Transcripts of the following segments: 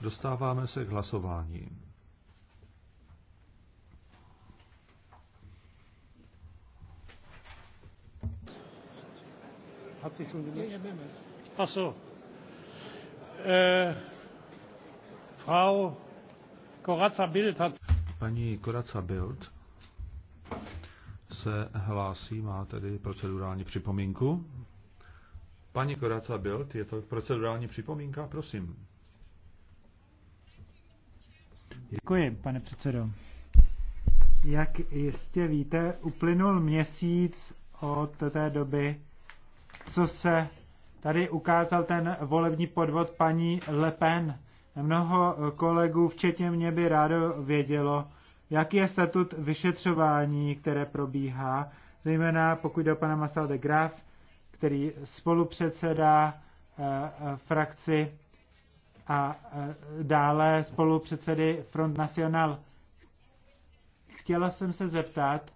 Dostáváme se k hlasování. Ach so. Äh, Frau Koraza Bild hat. Paní Corazza Bild se hlásí, má tedy procedurální připomínku. Paní Corazza Bild, je to procedurální připomínka, prosím. Děkuji, pane předsedo. Jak jistě víte, uplynul měsíc od té doby, co se tady ukázal ten volební podvod paní Le Pen. Mnoho kolegů, včetně mě, by rádo vědělo, jaký je statut vyšetřování, které probíhá, zejména pokud jde o pana Masal de Graf, který spolupředsedá eh, eh frakci a e, dále spolupředsedy Front National. Chtěla jsem se zeptat,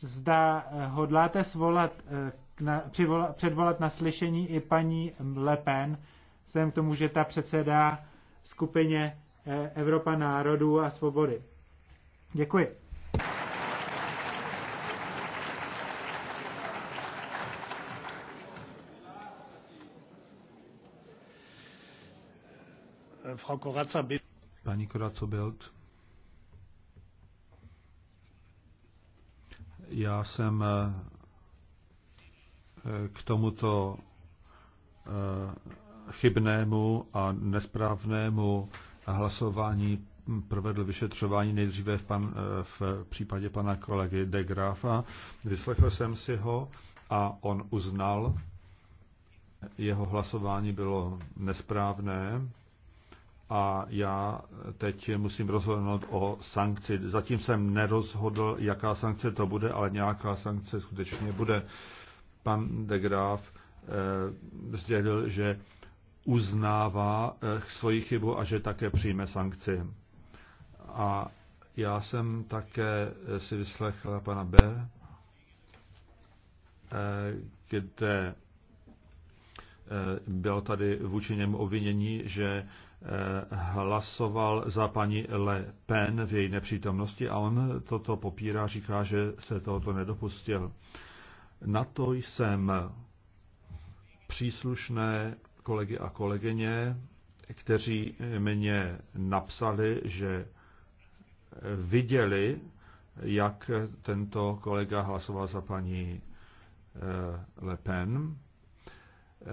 zda e, hodláte svolat, e, na, přivola, předvolat na slyšení i paní Le Pen, vzhledem k tomu, že ta předsedá skupině Evropa národů a svobody. Děkuji. Frau Corazza Paní Corazza Bild. Já jsem eh, eh, k tomuto eh, chybnému a nesprávnému hlasování provedl vyšetřování nejdříve v, pan, v případě pana kolegy de Grafa. Vyslechl jsem si ho a on uznal, jeho hlasování bylo nesprávné a já teď musím rozhodnout o sankci. Zatím jsem nerozhodl, jaká sankce to bude, ale nějaká sankce skutečně bude. Pan de Graaf eh, sdělil, že uznává eh, svoji chybu a že také přijme sankci. A já jsem také eh, si vyslechl pana B, eh, kde eh, bylo tady vůči němu obvinění, že hlasoval za paní Le Pen v její nepřítomnosti a on toto popírá, říká, že se tohoto nedopustil. Na to jsem příslušné kolegy a kolegyně, kteří mě napsali, že viděli, jak tento kolega hlasoval za paní eh, Le Pen eh,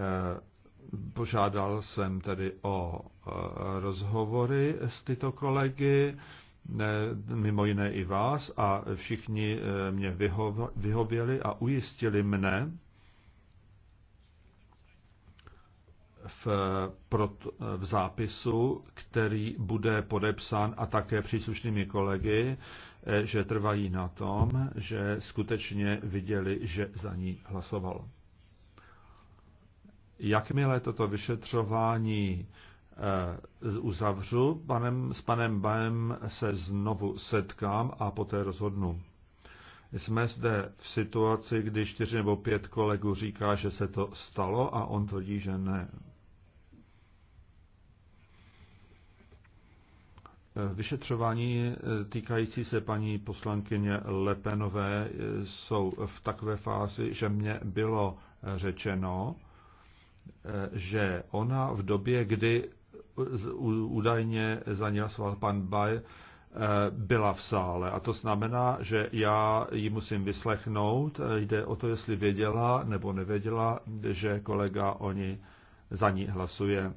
Požádal jsem tedy o eh, rozhovory s tyto kolegy, mimo jiné i vás, a všichni eh, mě vyhověli a ujistili mne v, v zápisu, který bude podepsán a také příslušnými kolegy, eh, že trvají na tom, že skutečně viděli, že za ní hlasoval. Jakmile toto vyšetřování eh, uzavřu, panem, s panem Baem se znovu setkám a poté rozhodnu. Jsme zde v situaci, kdy čtyři nebo pět kolegů říká, že se to stalo a on tvrdí, že ne. Eh, vyšetřování eh, týkající se paní poslankyně Lepenové jsou v takové fázi, že mě bylo řečeno, že ona v době, kdy údajně za ní hlasoval pan Baj, eh, byla v sále. A to znamená, že já ji musím vyslechnout. Jde o to, jestli věděla nebo nevěděla, že kolega oni za ní hlasuje.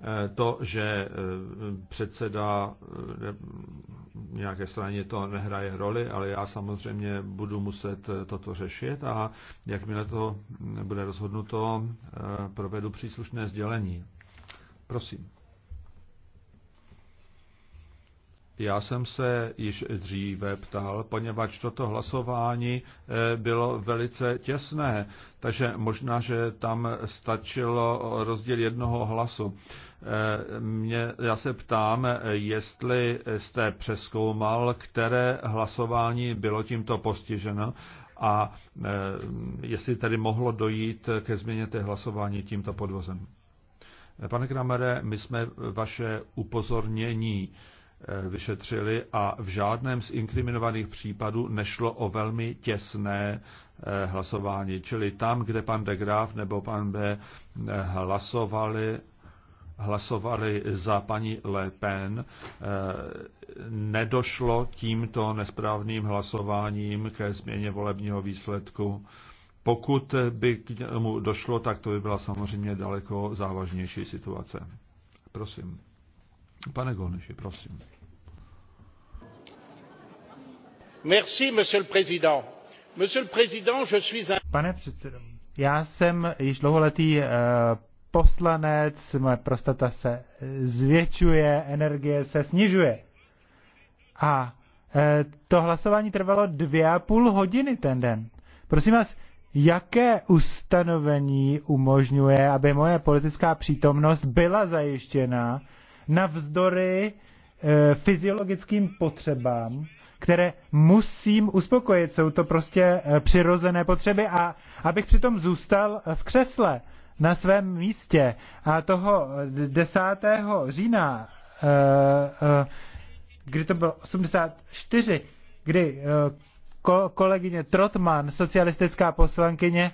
Eh, to, že eh, předseda eh, nějaké straně to nehraje roli, ale já samozřejmě budu muset toto řešit a jakmile to bude rozhodnuto, provedu příslušné sdělení. Prosím. Já jsem se již dříve ptal, poněvadž toto hlasování bylo velice těsné, takže možná, že tam stačilo rozdíl jednoho hlasu. Eh, mě, já se ptám, jestli jste přeskoumal, které hlasování bylo tímto postiženo a eh, jestli tedy mohlo dojít ke změně té hlasování tímto podvozem. Eh, pane Kramere, my jsme vaše upozornění vyšetřili a v žádném z inkriminovaných případů nešlo o velmi těsné hlasování. Čili tam, kde pan de Graf nebo pan B hlasovali hlasovali za paní Le Pen, eh, nedošlo tímto nesprávným hlasováním ke změně volebního výsledku. Pokud by k němu došlo, tak to by byla samozřejmě daleko závažnější situace. Prosím. Pane Goneši, prosím. Merci, monsieur le président. Monsieur le président, je suis un... Pane předsedo, já jsem již dlouholetý uh poslanec, moje prostata se eh, zvětšuje, energie se snižuje. A eh, to hlasování trvalo dvě a půl hodiny ten den. Prosím vás, jaké ustanovení umožňuje, aby moje politická přítomnost byla zajištěna navzdory e, fyziologickým potřebám, které musím uspokojit. Jsou to prostě přirozené potřeby a abych přitom zůstal v křesle na svém místě. A toho 10. října, eh, eh, kdy to bylo 84, kdy eh, kolegyně Trotman, socialistická poslankyně,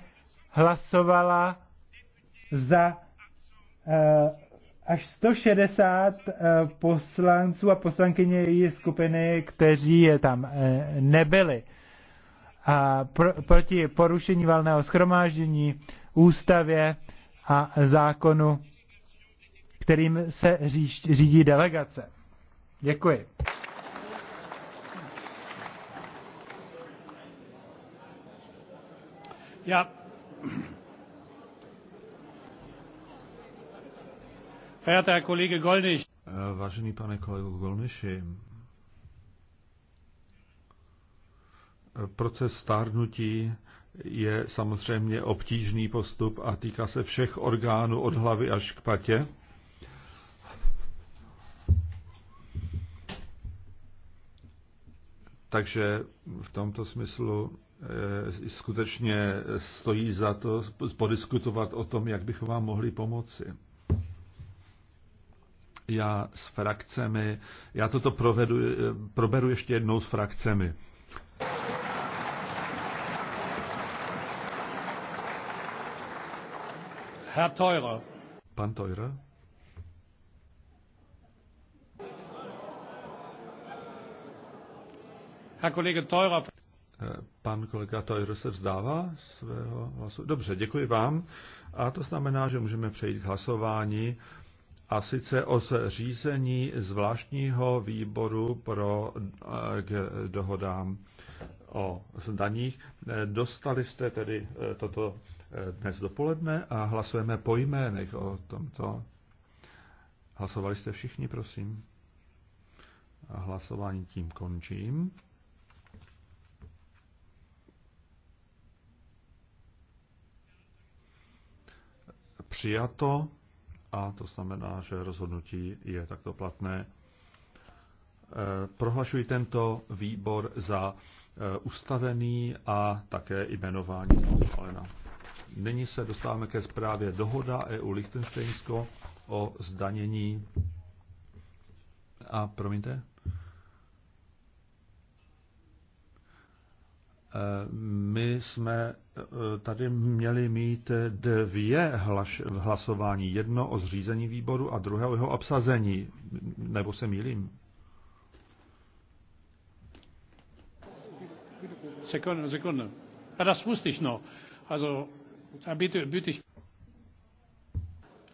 hlasovala za až 160 poslanců a poslankyně její skupiny, kteří je tam nebyli. A pro, proti porušení valného schromáždění, ústavě a zákonu, kterým se řídí delegace. Děkuji. Já. Verehrter Kollege eh, Vážený pane kolego Golniši, eh, proces stárnutí je samozřejmě obtížný postup a týká se všech orgánů od hlavy až k patě. Takže v tomto smyslu eh, skutečně stojí za to podiskutovat o tom, jak bychom vám mohli pomoci. Já s frakcemi, já toto provedu, eh, proberu ještě jednou s frakcemi. Herr Teurer. Pan Teurer. Herr Kollege Teurer. Eh, pan kolega Teurer se vzdává svého hlasu. Dobře, děkuji vám. A to znamená, že můžeme přejít k hlasování a sice o zřízení zvláštního výboru pro eh, k dohodám o zdaních. Eh, dostali jste tedy toto dnes dopoledne a hlasujeme po jménech o tomto. Hlasovali jste všichni, prosím. A hlasování tím končím. Přijato a to znamená, že rozhodnutí je takto platné. E, prohlašuji tento výbor za e, ustavený a také jmenování znovu Nyní se dostáváme ke zprávě dohoda EU Lichtensteinsko o zdanění a promiňte, e, My jsme e, tady měli mít dvě hlaš, hlasování. Jedno o zřízení výboru a druhé o jeho obsazení. Nebo se mýlím? Sekunde, Sekunde. Ja, das wusste ich noch. Also bitte, bitte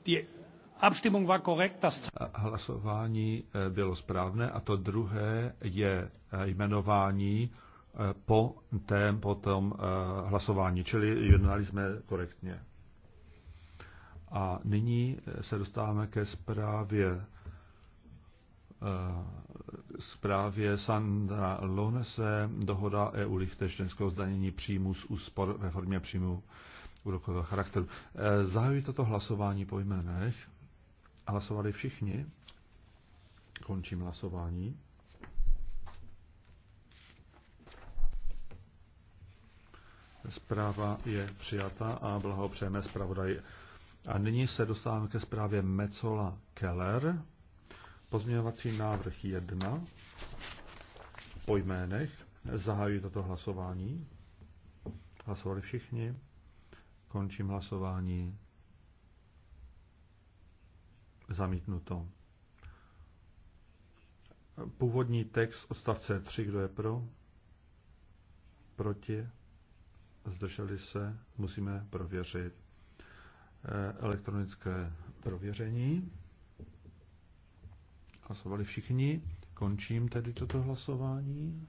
Die Abstimmung war korrekt, das... Hlasování eh, bylo správné a to druhé je eh, jmenování eh, po, tém, po tom hlasování, čili jednali jsme korektně. A nyní se dostáváme ke zprávě zprávě Sandra Lonese dohoda EU Lichtenštejnského zdanění příjmu z úspor ve formě příjmu úrokového charakteru. Eh, zahajuji toto hlasování po jménech. Hlasovali všichni. Končím hlasování. Zpráva je přijata a blahopřejeme zpravodaji. A nyní se dostáváme ke zprávě Mecola Keller. Pozměňovací návrh 1 po jménech. Zahajuji toto hlasování. Hlasovali všichni. Končím hlasování. Zamítnuto. Původní text odstavce 3, kdo je pro? Proti? Zdrželi se? Musíme prověřit. Eh, elektronické prověření. Hlasovali všichni. Končím tedy toto hlasování.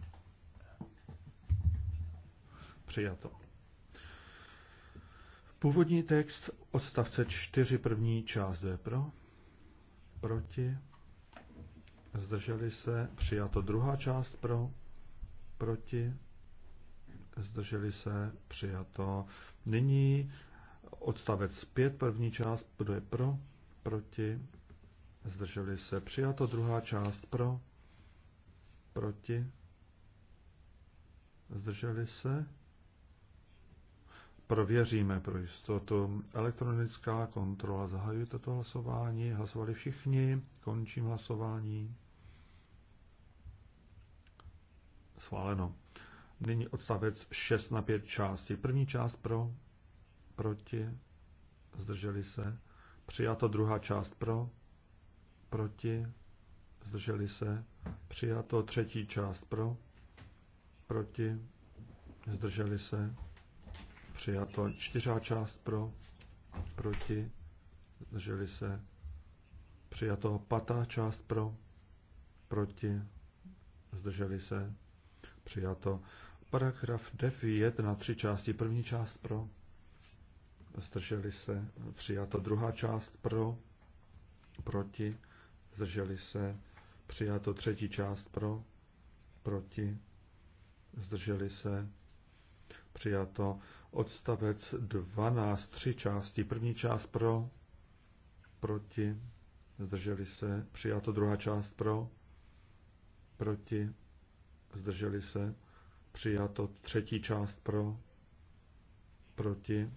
Přijato. Původní text odstavce 4 první část je pro, proti, zdrželi se, přijato druhá část pro, proti, zdrželi se, přijato. Nyní odstavec 5 první část, kdo je pro, proti, zdrželi se, přijato druhá část pro, proti, zdrželi se, Prověříme pro jistotu. Elektronická kontrola. Zahajuji toto hlasování. Hlasovali všichni. Končím hlasování. Schváleno. Nyní odstavec 6 na 5 části. První část pro, proti, zdrželi se. Přijato druhá část pro, proti, zdrželi se. Přijato třetí část pro, proti, zdrželi se přijato. Čtyřá část pro, proti, zdrželi se, přijato. Patá část pro, proti, zdrželi se, přijato. Paragraf 9 na tři části. První část pro, zdrželi se, přijato. Druhá část pro, proti, zdrželi se, přijato. Třetí část pro, proti, zdrželi se, přijato. Odstavec 12, tři části. První část pro, proti, zdrželi se, přijato. Druhá část pro, proti, zdrželi se, přijato. Třetí část pro, proti,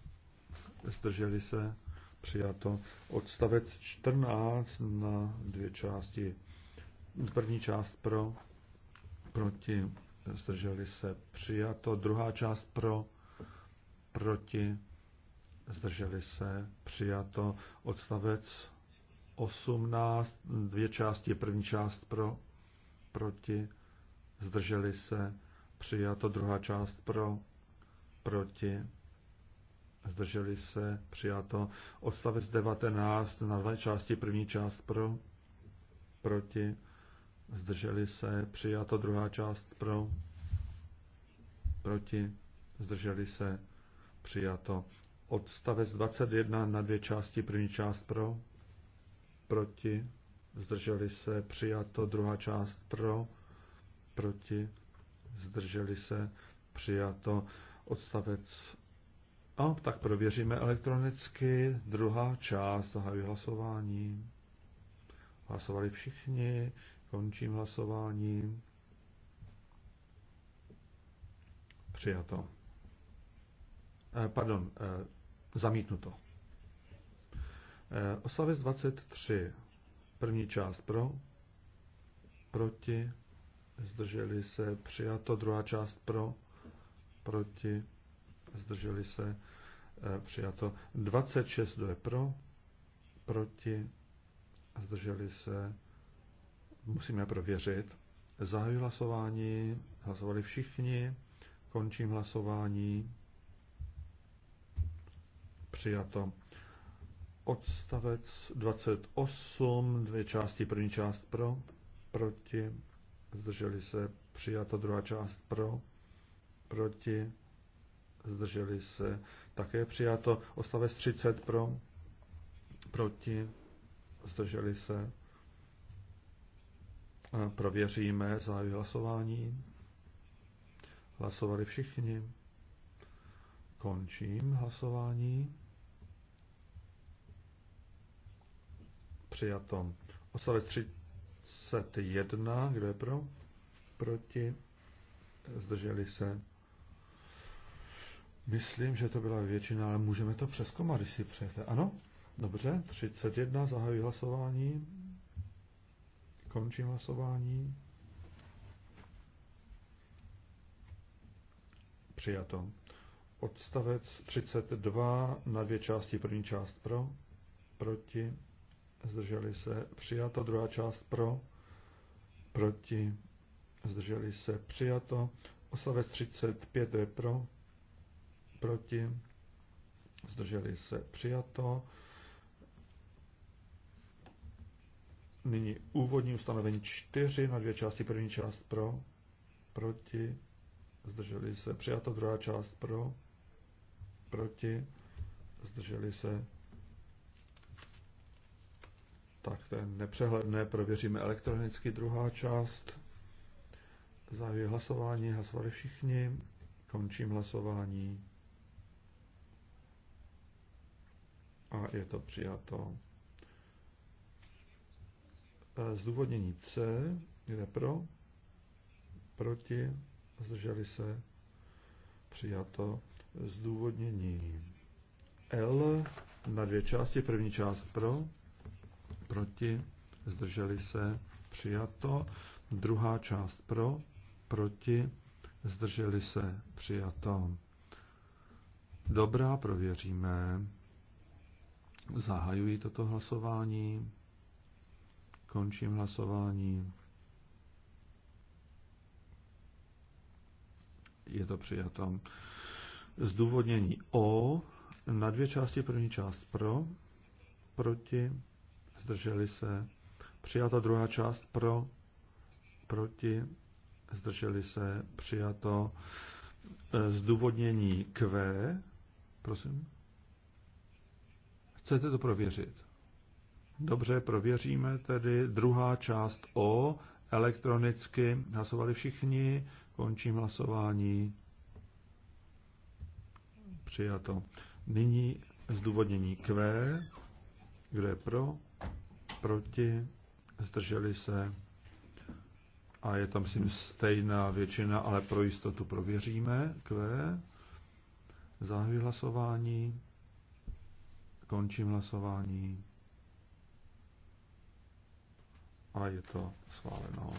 zdrželi se, přijato. Odstavec 14 na dvě části. První část pro, proti, zdrželi se přijato. Druhá část pro, proti, zdrželi se přijato. Odstavec 18, dvě části, první část pro, proti, zdrželi se přijato. Druhá část pro, proti, zdrželi se přijato. Odstavec 19 na dvě části, první část pro, proti, zdrželi se, přijato druhá část pro, proti, zdrželi se, přijato. Odstavec 21 na dvě části, první část pro, proti, zdrželi se, přijato, druhá část pro, proti, zdrželi se, přijato, odstavec a tak prověříme elektronicky. Druhá část, zahajuji hlasování. Hlasovali všichni. Končím hlasování. Přijato. Eh, pardon, eh, zamítnuto. Eh, oslavec 23. První část pro, proti, zdrželi se, přijato. Druhá část pro, proti, zdrželi se, eh, přijato. 26. Kdo je pro, proti, zdrželi se, musíme prověřit. Zahajuji hlasování, hlasovali všichni, končím hlasování, přijato. Odstavec 28, dvě části, první část pro, proti, zdrželi se, přijato druhá část pro, proti, zdrželi se, také přijato, odstavec 30 pro, proti, zdrželi se, Prověříme zájmy hlasování. Hlasovali všichni. Končím hlasování. Přijato. Odstavec 31. Kdo je pro? Proti. Zdrželi se. Myslím, že to byla většina, ale můžeme to přeskoumat, když si přejete. Ano? Dobře, 31, zahajuji hlasování. Končím hlasování. Přijato. Odstavec 32 na dvě části. První část pro, proti, zdrželi se. Přijato. Druhá část pro, proti, zdrželi se. Přijato. Odstavec 35 je pro, proti, zdrželi se. Přijato. Nyní úvodní ustanovení 4 na dvě části. První část pro, proti, zdrželi se. Přijato druhá část pro, proti, zdrželi se. Tak to je nepřehledné, prověříme elektronicky druhá část. Zahajuji hlasování, hlasovali všichni, končím hlasování a je to přijato. Eh, zdůvodnění C, kde pro, proti, zdrželi se, přijato. Zdůvodnění L na dvě části, první část pro, proti, zdrželi se, přijato. Druhá část pro, proti, zdrželi se, přijato. Dobrá, prověříme. Zahajuji toto hlasování. Končím hlasování. Je to přijato. Zdůvodnění O na dvě části. První část pro, proti, zdrželi se. Přijata druhá část pro, proti, zdrželi se. Přijato zdůvodnění Q. Prosím. Chcete to prověřit? Dobře, prověříme tedy druhá část O. Elektronicky hlasovali všichni. Končím hlasování. Přijato. Nyní zdůvodnění Q. Kdo je pro? Proti? Zdrželi se? A je tam, myslím, stejná většina, ale pro jistotu prověříme. Q. Zahajuji hlasování. Končím hlasování a je to schváleno.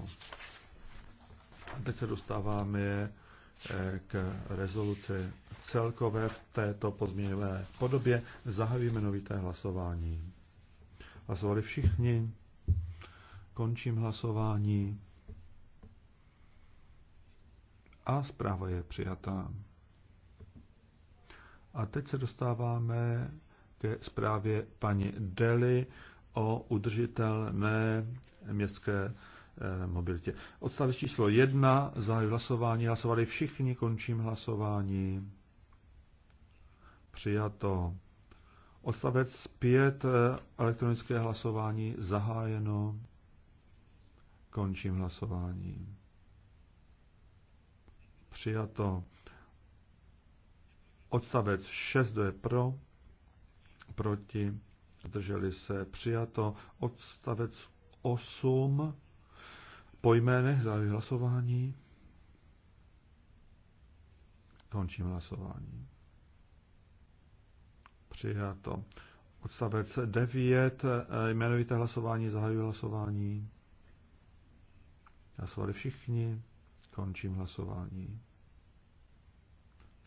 A teď se dostáváme eh, k rezoluci celkové v této pozměněné podobě. Zahajujeme novité hlasování. Hlasovali všichni. Končím hlasování. A zpráva je přijatá. A teď se dostáváme ke zprávě paní Deli o udržitelné městské eh, mobilitě. Odstavec číslo jedna, zahájí hlasování, hlasovali všichni, končím hlasování. Přijato. Odstavec pět, eh, elektronické hlasování, zahájeno, končím hlasování. Přijato. Odstavec 6, kdo je pro, proti, zdrželi se, přijato. Odstavec 8 po jménech za hlasování. Končím hlasování. Přijato. Odstavec 9. Eh, jmenovité hlasování. Zahajuji hlasování. Hlasovali všichni. Končím hlasování.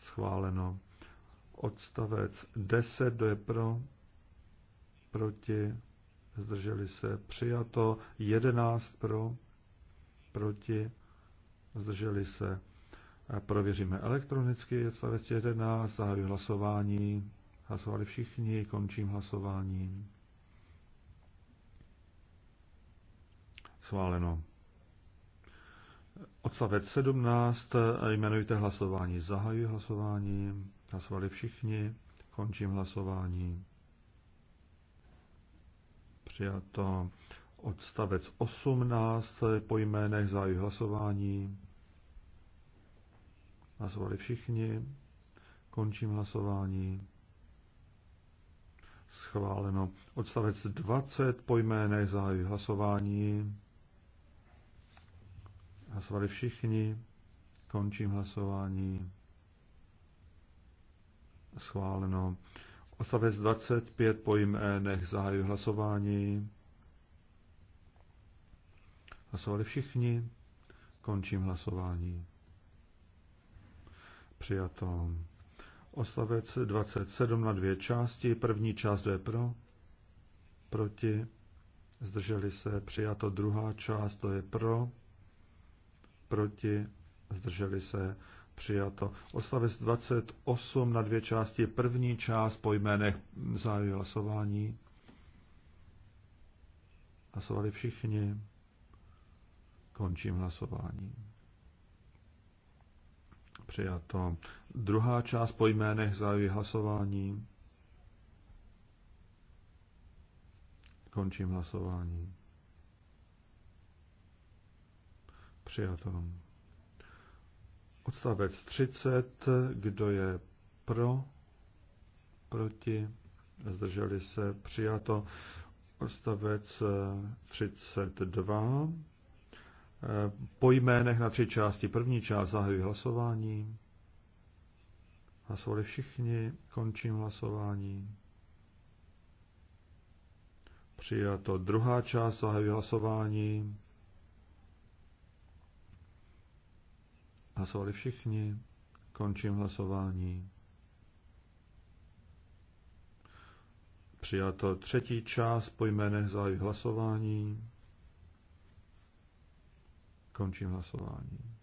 Schváleno. Odstavec 10. Kdo je pro? Proti? zdrželi se přijato, 11 pro, proti, zdrželi se. Prověříme elektronicky, odstavec 11, zahajuji hlasování, hlasovali všichni, končím hlasování. Sváleno. Odstavec 17, jmenujte hlasování, zahajuji hlasování, hlasovali všichni, končím hlasování přijato odstavec 18 po jménech zájí hlasování. Hlasovali všichni. Končím hlasování. Schváleno. Odstavec 20 po jménech zájí hlasování. Hlasovali všichni. Končím hlasování. Schváleno. Osavec 25 E, nech zahajuji hlasování. Hlasovali všichni. Končím hlasování. Přijato. Oslavec 27 na dvě části. První část je pro, proti, zdrželi se. Přijato druhá část, to je pro, proti, zdrželi se přijato. Odstavec 28 na dvě části. První část po jménech zájmy hlasování. Hlasovali všichni. Končím hlasování. Přijato. Druhá část po jménech zájmy hlasování. Končím hlasování. Přijato. Odstavec 30. Kdo je pro? Proti? Zdrželi se? Přijato. Odstavec 32. Po jménech na tři části. První část zahajuji hlasování. Hlasovali všichni. Končím hlasování. Přijato. Druhá část zahajuji hlasování. Hlasovali všichni. Končím hlasování. Přijato třetí část po jménech za hlasování. Končím hlasování.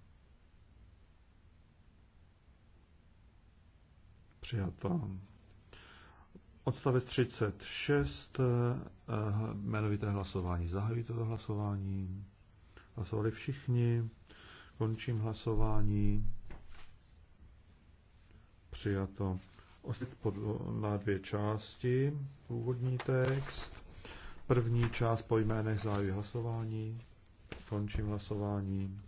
Přijato. Odstavec 36, eh, jmenovité hlasování. Zahajuji toto hlasování. Hlasovali všichni. Končím hlasování. Přijato na dvě části původní text. První část po jménech zájí hlasování. Končím hlasování.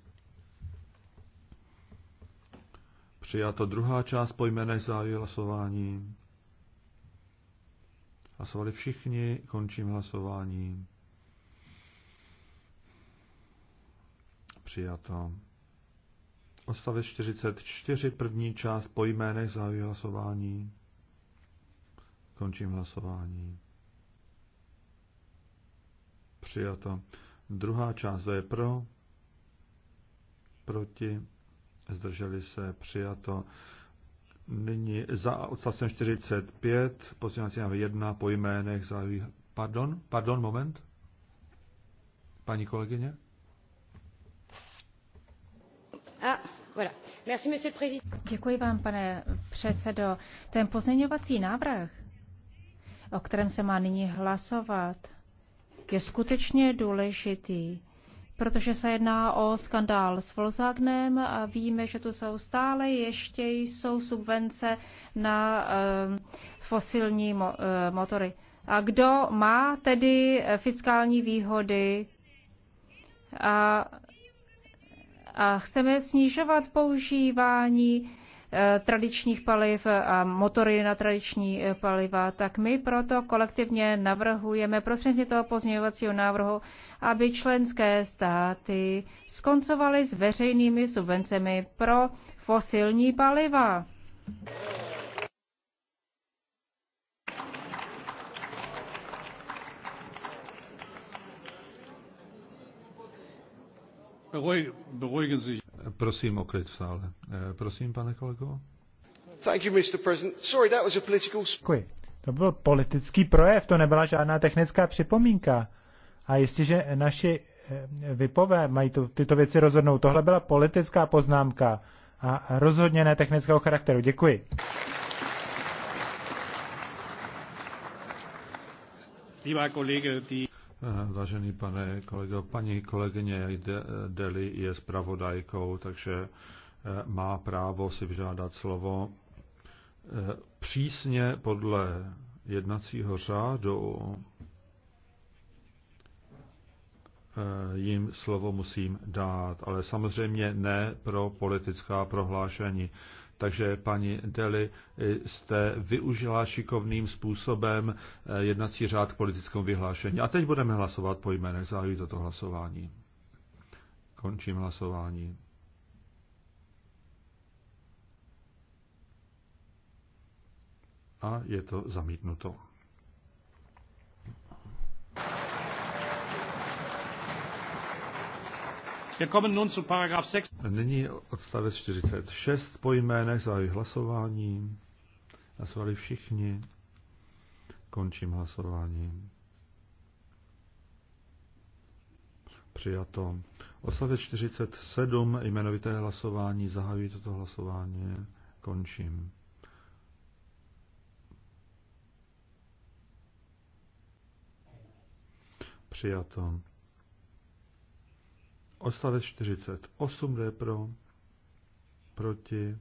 Přijato druhá část po jménech zájí hlasování. Hlasovali všichni, končím hlasování. Přijato. Odstavec 44, první část po jménech zahajuji hlasování. Končím hlasování. Přijato. Druhá část, to je pro, proti, zdrželi se, přijato. Nyní za odstavcem 45, pozměňovací návrh 1, po jménech zahajuji. Pardon, pardon, moment. Paní kolegyně? A. Děkuji vám, pane předsedající Ten pozměňovací návrh, o kterém se má nyní hlasovat, je skutečně důležitý, protože se jedná o skandál s Volkswagenem a víme, že tu jsou stále ještě jsou subvence na ehm, fosilní ehm, motory. A kdo má tedy eh, fiskální výhody a a chceme snižovat používání eh, tradičních paliv a motory na tradiční eh, paliva, tak my proto kolektivně navrhujeme prostřednictvím toho pozměňovacího návrhu, aby členské státy skoncovaly s veřejnými subvencemi pro fosilní paliva. Prosím o klid v sále. Eh, prosím, pane kolego. Thank you, Mr. President. Sorry, that was a political... Děkuji. To byl politický projev, to nebyla žádná technická připomínka. A jestliže naši eh, vypové mají to, tyto věci rozhodnout, tohle byla politická poznámka a rozhodně ne technického charakteru. Děkuji. Kolege, die... Vážený pane kolego, paní kolegyně Deli je zpravodajkou, takže eh, má právo si vyžádat slovo. Eh, přísně podle jednacího řádu eh, jim slovo musím dát, ale samozřejmě ne pro politická prohlášení. Takže paní Deli, jste využila šikovným způsobem eh, jednací řád k politickému vyhlášení. A teď budeme hlasovat po jménech. Zahajuji toto hlasování. Končím hlasování. A je to zamítnuto. Nyní odstavec 46 po jménech zahájí hlasování. Hlasovali všichni. Končím hlasování. Přijato. Odstavec 47 jmenovité hlasování. Zahajuji toto hlasování. Končím. Přijato. Odstavec 48, kde pro, proti,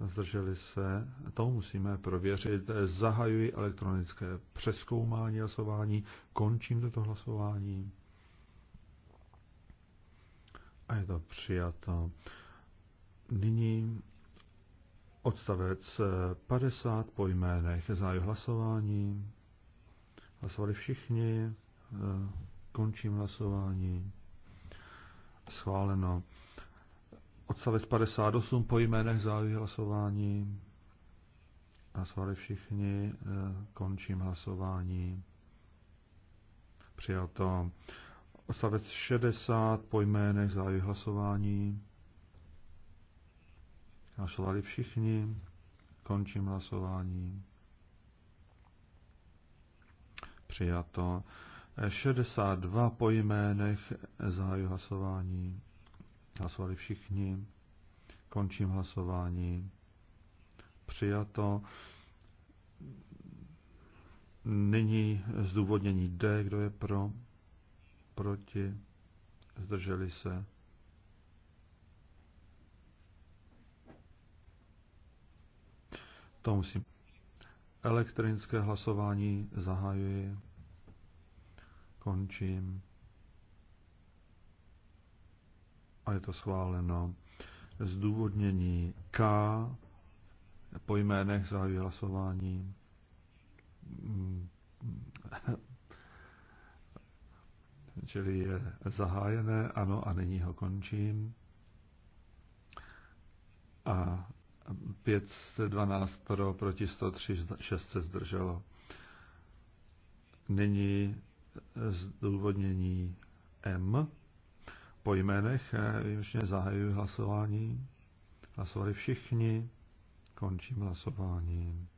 zdrželi se, to musíme prověřit. Zahajuji elektronické přeskoumání hlasování, končím toto hlasování a je to přijato. Nyní odstavec 50 po jménech zájmu hlasování. Hlasovali všichni, končím hlasování Schváleno. Odstavec 58 po jménech záleží e, hlasování. Hlasovali všichni. Končím hlasování. Přijato. Odstavec 60 po jménech záleží hlasování. Hlasovali všichni. Končím hlasování. Přijato. 62 po jménech zahájil hlasování. Hlasovali všichni. Končím hlasování. Přijato. Nyní zdůvodnění D. Kdo je pro? Proti? Zdrželi se? To musím. Elektronické hlasování zahajuji. Končím. A je to schváleno. Zdůvodnění K po jménech zahajuji hlasování. Čili je zahájené, ano, a nyní ho končím. A 512 pro, proti 103, 6 se zdrželo. Nyní zdůvodnění M. Po jménech výjimečně eh, zahajuji hlasování. Hlasovali všichni. Končím hlasování.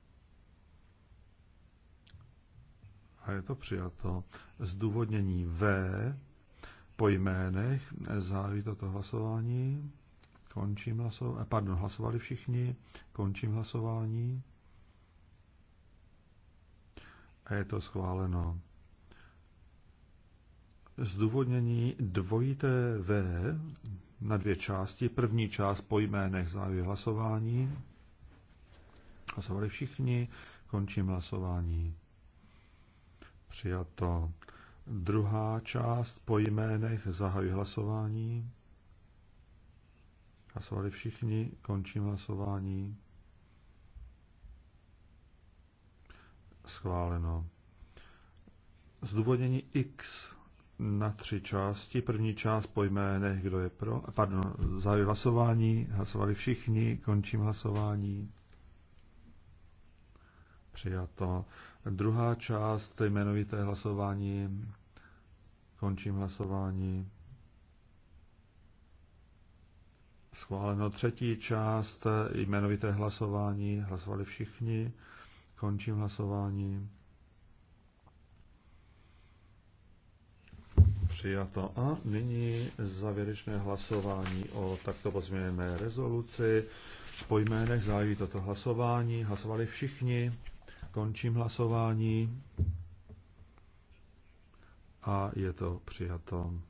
A je to přijato. Zdůvodnění V po jménech Zahajuji toto hlasování. Končím hlasování. Eh, pardon, hlasovali všichni. Končím hlasování. A je to schváleno zdůvodnění dvojité V na dvě části. První část po jménech závěr hlasování. Hlasovali všichni, končím hlasování. Přijato. Druhá část po jménech zahajuji hlasování. Hlasovali všichni, končím hlasování. Schváleno. Zdůvodnění X na tři části. První část po jménech, kdo je pro, pardon, zahajuji hlasování, hlasovali všichni, končím hlasování. Přijato. Druhá část jmenovité hlasování, končím hlasování. Schváleno třetí část jmenovité hlasování, hlasovali všichni, končím hlasování. Přijato. A nyní závěrečné hlasování o takto pozměněné rezoluci. Po jménech zájí toto hlasování. Hlasovali všichni. Končím hlasování. A je to přijato.